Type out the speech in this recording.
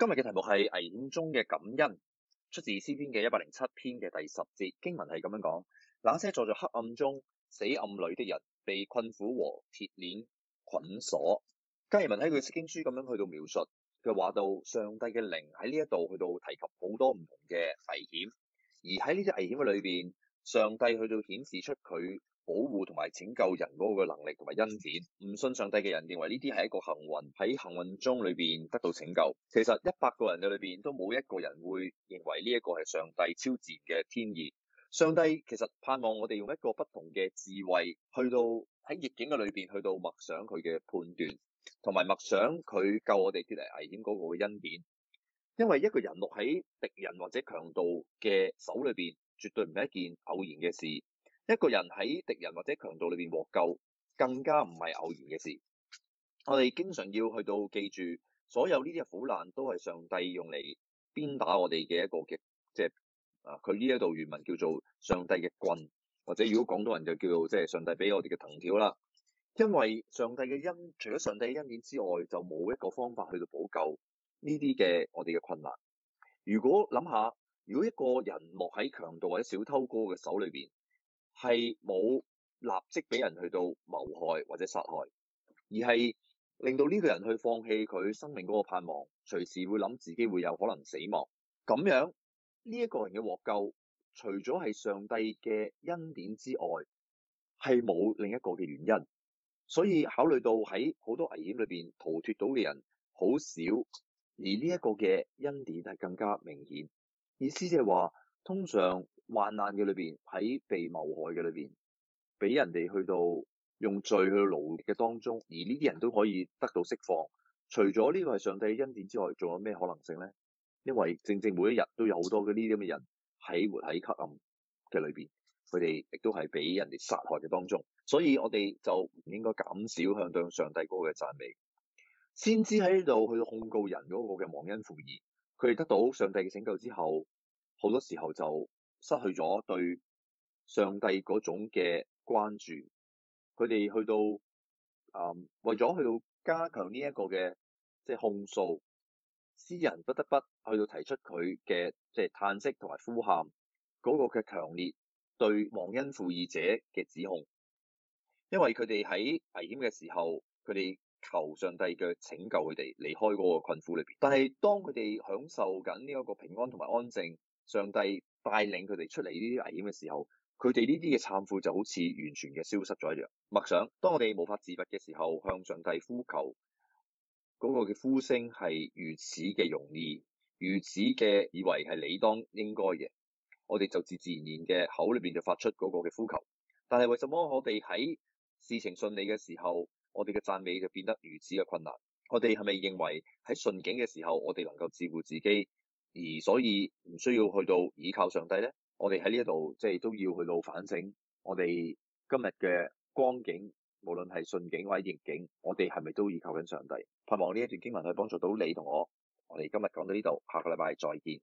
今日嘅題目係危險中嘅感恩，出自詩篇嘅一百零七篇嘅第十節。經文係咁樣講：那些坐在黑暗中、死暗裏的人，被困苦和鐵鏈捆鎖。加爾文喺佢釋經書咁樣去到描述，佢話到上帝嘅靈喺呢一度去到提及好多唔同嘅危險，而喺呢啲危險嘅裏邊，上帝去到顯示出佢。保護同埋拯救人嗰個能力同埋恩典，唔信上帝嘅人認為呢啲係一個幸運，喺幸運中裏邊得到拯救。其實一百個人嘅裏邊都冇一個人會認為呢一個係上帝超自然嘅天意。上帝其實盼望我哋用一個不同嘅智慧，去到喺逆境嘅裏邊，去到默想佢嘅判斷，同埋默想佢救我哋脫離危險嗰個恩典。因為一個人落喺敵人或者強盜嘅手裏邊，絕對唔係一件偶然嘅事。一個人喺敵人或者強盜裏邊獲救，更加唔係偶然嘅事。我哋經常要去到記住，所有呢啲嘅苦難都係上帝用嚟鞭打我哋嘅一個嘅，即係啊，佢呢一度原文叫做上帝嘅棍，或者如果廣東人就叫做即係上帝俾我哋嘅藤條啦。因為上帝嘅恩，除咗上帝嘅恩典之外，就冇一個方法去到補救呢啲嘅我哋嘅困難。如果諗下，如果一個人落喺強盜或者小偷哥嘅手裏邊，係冇立即俾人去到謀害或者殺害，而係令到呢個人去放棄佢生命嗰個盼望，隨時會諗自己會有可能死亡。咁樣呢一個人嘅獲救，除咗係上帝嘅恩典之外，係冇另一個嘅原因。所以考慮到喺好多危險裏邊逃脫到嘅人好少，而呢一個嘅恩典係更加明顯。意思即係話，通常。患難嘅裏邊，喺被謀害嘅裏邊，俾人哋去到用罪去勞力嘅當中，而呢啲人都可以得到釋放。除咗呢個係上帝嘅恩典之外，仲有咩可能性咧？因為正正每一日都有好多嘅呢啲咁嘅人喺活喺黑暗嘅裏邊，佢哋亦都係俾人哋殺害嘅當中。所以我哋就唔應該減少向對上帝嗰個嘅讚美，先知喺呢度去到控告人嗰個嘅忘恩負義，佢哋得到上帝嘅拯救之後，好多時候就。失去咗對上帝嗰種嘅關注，佢哋去到，誒、嗯，為咗去到加強呢一個嘅，即係控訴，詩人不得不去到提出佢嘅，即係嘆息同埋呼喊，嗰、那個嘅強烈對忘恩負義者嘅指控，因為佢哋喺危險嘅時候，佢哋求上帝嘅拯救佢哋離開嗰個困苦裏邊，但係當佢哋享受緊呢一個平安同埋安靜，上帝帶領佢哋出嚟呢啲危險嘅時候，佢哋呢啲嘅懺悔就好似完全嘅消失咗一樣。默想，當我哋無法自拔嘅時候，向上帝呼求，嗰個嘅呼聲係如此嘅容易，如此嘅以為係理當應該嘅，我哋就自自然然嘅口裏邊就發出嗰個嘅呼求。但係為什麼我哋喺事情順利嘅時候，我哋嘅讚美就變得如此嘅困難？我哋係咪認為喺順境嘅時候，我哋能夠照顧自己？而所以唔需要去到倚靠上帝咧，我哋喺呢一度即係都要去到反省，我哋今日嘅光景，無論係順境或者逆境，我哋係咪都倚靠緊上帝？盼望呢一段經文可以幫助到你同我。我哋今日講到呢度，下個禮拜再見。